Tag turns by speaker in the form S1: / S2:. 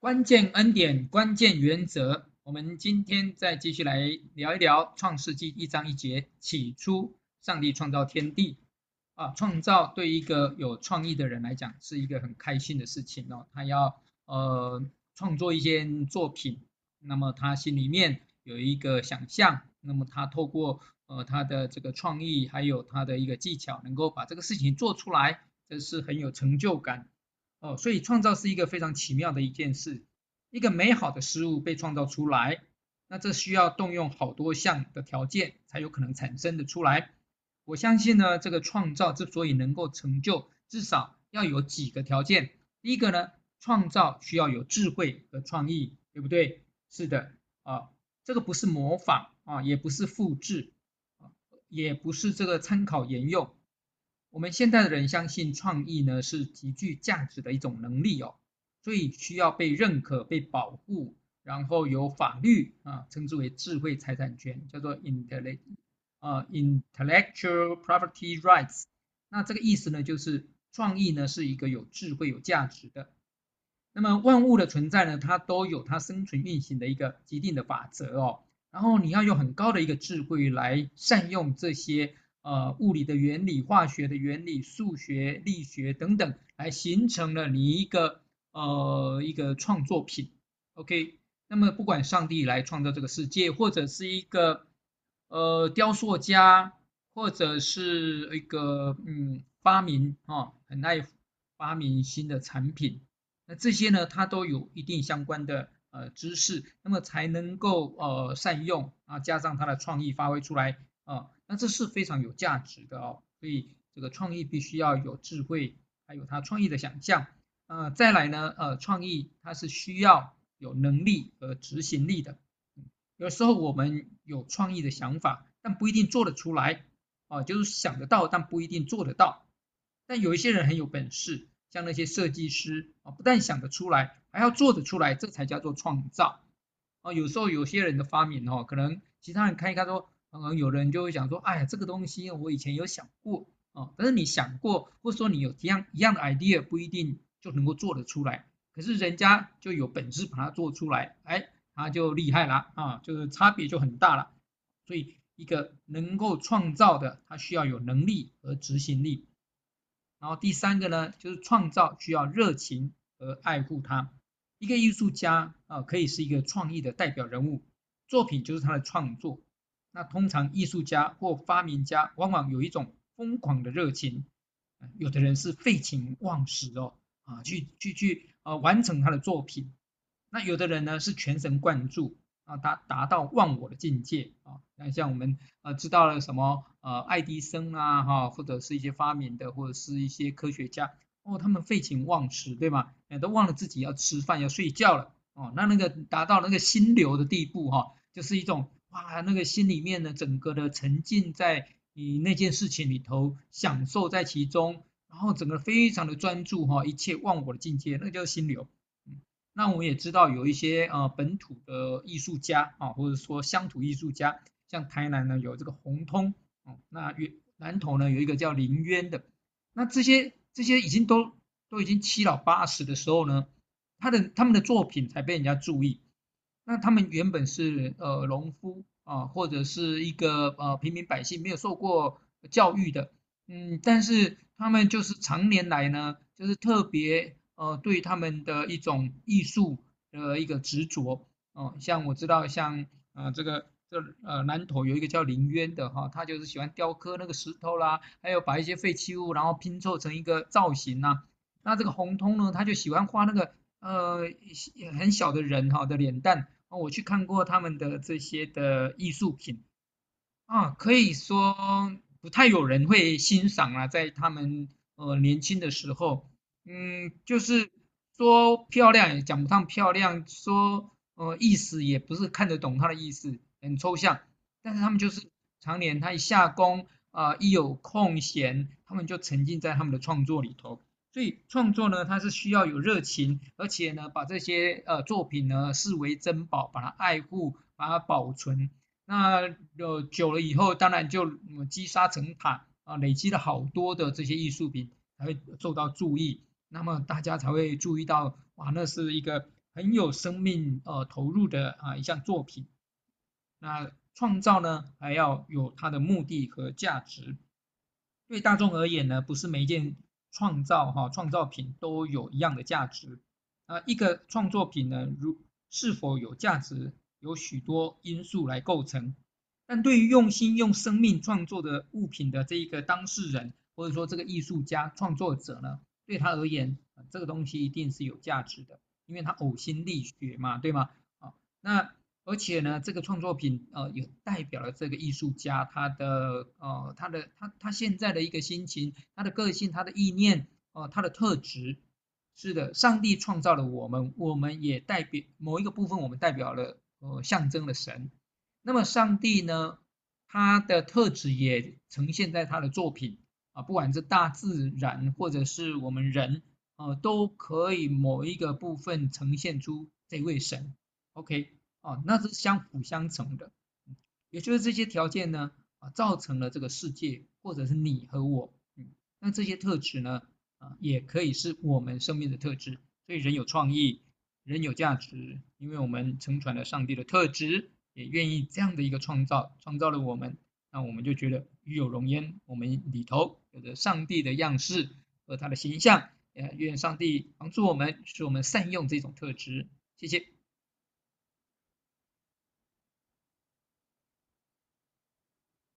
S1: 關鍵恩典，關鍵原則。我們今天再繼續來聊一聊《創世紀》一章一節。起初，上帝創造天地啊，創造對一個有創意的人來講是一個很開心的事情哦。他要呃創作一些作品，那麼他心裡面有一個想象，那麼他透過呃他的這個創意，還有他的一個技巧，能夠把這個事情做出來，這是很有成就感。哦，所以創造是一個非常奇妙的一件事，一個美好的事物被創造出來，那這需要動用好多項的條件才有可能產生的出來。我相信呢，這個創造之所以能夠成就，至少要有幾個條件。第一個呢，創造需要有智慧和創意，對不對？是的，啊，這個不是模仿啊，也不是複製，啊，也不是這個參考沿用。我們現在的人相信創意呢，是極具價值的一種能力哦，所以需要被認可、被保護，然後有法律啊、呃、稱之為智慧財產權權，叫做 intellectual 啊 intellectual property rights。那這個意思呢，就是創意呢是一個有智慧、有價值的。那麼萬物的存在呢，它都有它生存運行的一個既定的法則哦，然後你要有很高的一個智慧來善用這些。呃，物理的原理、化學的原理、數學、力學等等，來形成了你一個呃一個創作品。OK，那麼不管上帝來創造這個世界，或者是一個呃雕塑家，或者是一個嗯發明啊、哦，很愛發明新的產品，那這些呢，他都有一定相關的呃知識，那麼才能夠呃善用啊，加上他的創意發揮出來。啊，那這是非常有價值的哦，所以這個創意必須要有智慧，還有他創意的想象，呃，再來呢，呃，創意它是需要有能力和執行力的，有時候我們有創意的想法，但不一定做得出來，啊，就是想得到，但不一定做得到，但有一些人很有本事，像那些設計師啊，不但想得出來，還要做得出來，這才叫做創造，啊，有時候有些人的發明哦，可能其他人看一看說。嗯、可能有的人就會想說，哎呀，這個東西我以前有想過啊，但是你想過或者說你有一樣一樣的 idea，不一定就能夠做得出來。可是人家就有本事把它做出來，哎，他就厲害了啊，就是差別就很大了。所以一個能夠創造的，他需要有能力和執行力。然後第三個呢，就是創造需要熱情和愛護他。一個藝術家啊，可以是一個創意的代表人物，作品就是他的創作。那通常藝術家或發明家往往有一種瘋狂的熱情，有的人是廢寢忘食哦，啊，去去去，啊，完成他的作品。那有的人呢是全神貫注啊，達達到忘我的境界啊。那像我們啊、呃、知道了什麼呃，愛迪生啊，哈，或者是一些發明的，或者是一些科學家，哦，他們廢寢忘食，對吧？都忘了自己要吃飯要睡覺了，哦，那那個達到那個心流的地步哈、啊，就是一種。哇，那個心裡面呢，整個的沉浸在你那件事情裡頭，享受在其中，然後整個非常的專注哈，一切忘我的境界，那個就是心流。那我們也知道有一些呃本土的藝術家啊，或者說鄉土藝術家，像台南呢有這個洪通，那南投呢有一個叫林淵的，那這些這些已經都都已經七老八十的時候呢，他的他們的作品才被人家注意。那他們原本是呃農夫啊，或者是一個呃平民百姓，沒有受過教育的，嗯，但是他們就是長年來呢，就是特別呃對他們的一種藝術的一個執着，哦、啊，像我知道像啊這個這呃南投有一個叫林淵的哈、啊，他就是喜歡雕刻那個石頭啦，還有把一些廢棄物然後拼湊成一個造型吶、啊，那這個洪通呢，他就喜歡畫那個呃很小的人哈、啊、的臉蛋。哦，我去看過他們的這些的藝術品，啊，可以說不太有人會欣賞啊，在他們呃年輕的時候，嗯，就是說漂亮也講不上漂亮，說呃意思也不是看得懂他的意思，很抽象。但是他們就是常年他一下工啊，呃，一有空閒，他們就沉浸在他們的創作裡頭。所以創作呢，它是需要有熱情，而且呢，把這些呃作品呢視為珍寶，把它愛護，把它保存。那呃久了以後，當然就積沙成塔啊，累積了好多的這些藝術品才會受到注意。那麼大家才會注意到，哇，那是一個很有生命呃投入的啊一項作品。那創造呢還要有它的目的和價值，對大眾而言呢，不是每一件。創造哈，創造品都有一樣的價值。啊，一個創作品呢，如是否有價值，有許多因素來構成。但對於用心用生命創作的物品的這一個當事人，或者說這個藝術家創作者呢，對他而言，這個東西一定是有價值的，因為他嘔心瀝血嘛，對嗎？啊，那。而且呢，這個創作品，呃，也代表了這個藝術家他的，呃，他的他他現在的一個心情，他的個性，他的意念，呃，他的特質。是的，上帝創造了我們，我們也代表某一個部分，我們代表了，呃，象徵了神。那麼上帝呢，他的特質也呈現在他的作品，啊、呃，不管是大自然或者是我們人，啊、呃，都可以某一個部分呈現出這位神。OK。哦，那是相輔相成的，也就是這些條件呢，啊，造成了這個世界，或者是你和我，嗯，那這些特質呢，啊，也可以是我們生命的特質，所以人有創意，人有價值，因為我們承傳了上帝的特質，也願意這樣的一個創造，創造了我們，那我們就覺得與有榮焉，我們裡頭有着上帝的樣式和他的形象，也願上帝幫助我們，使我們善用這種特質，謝謝。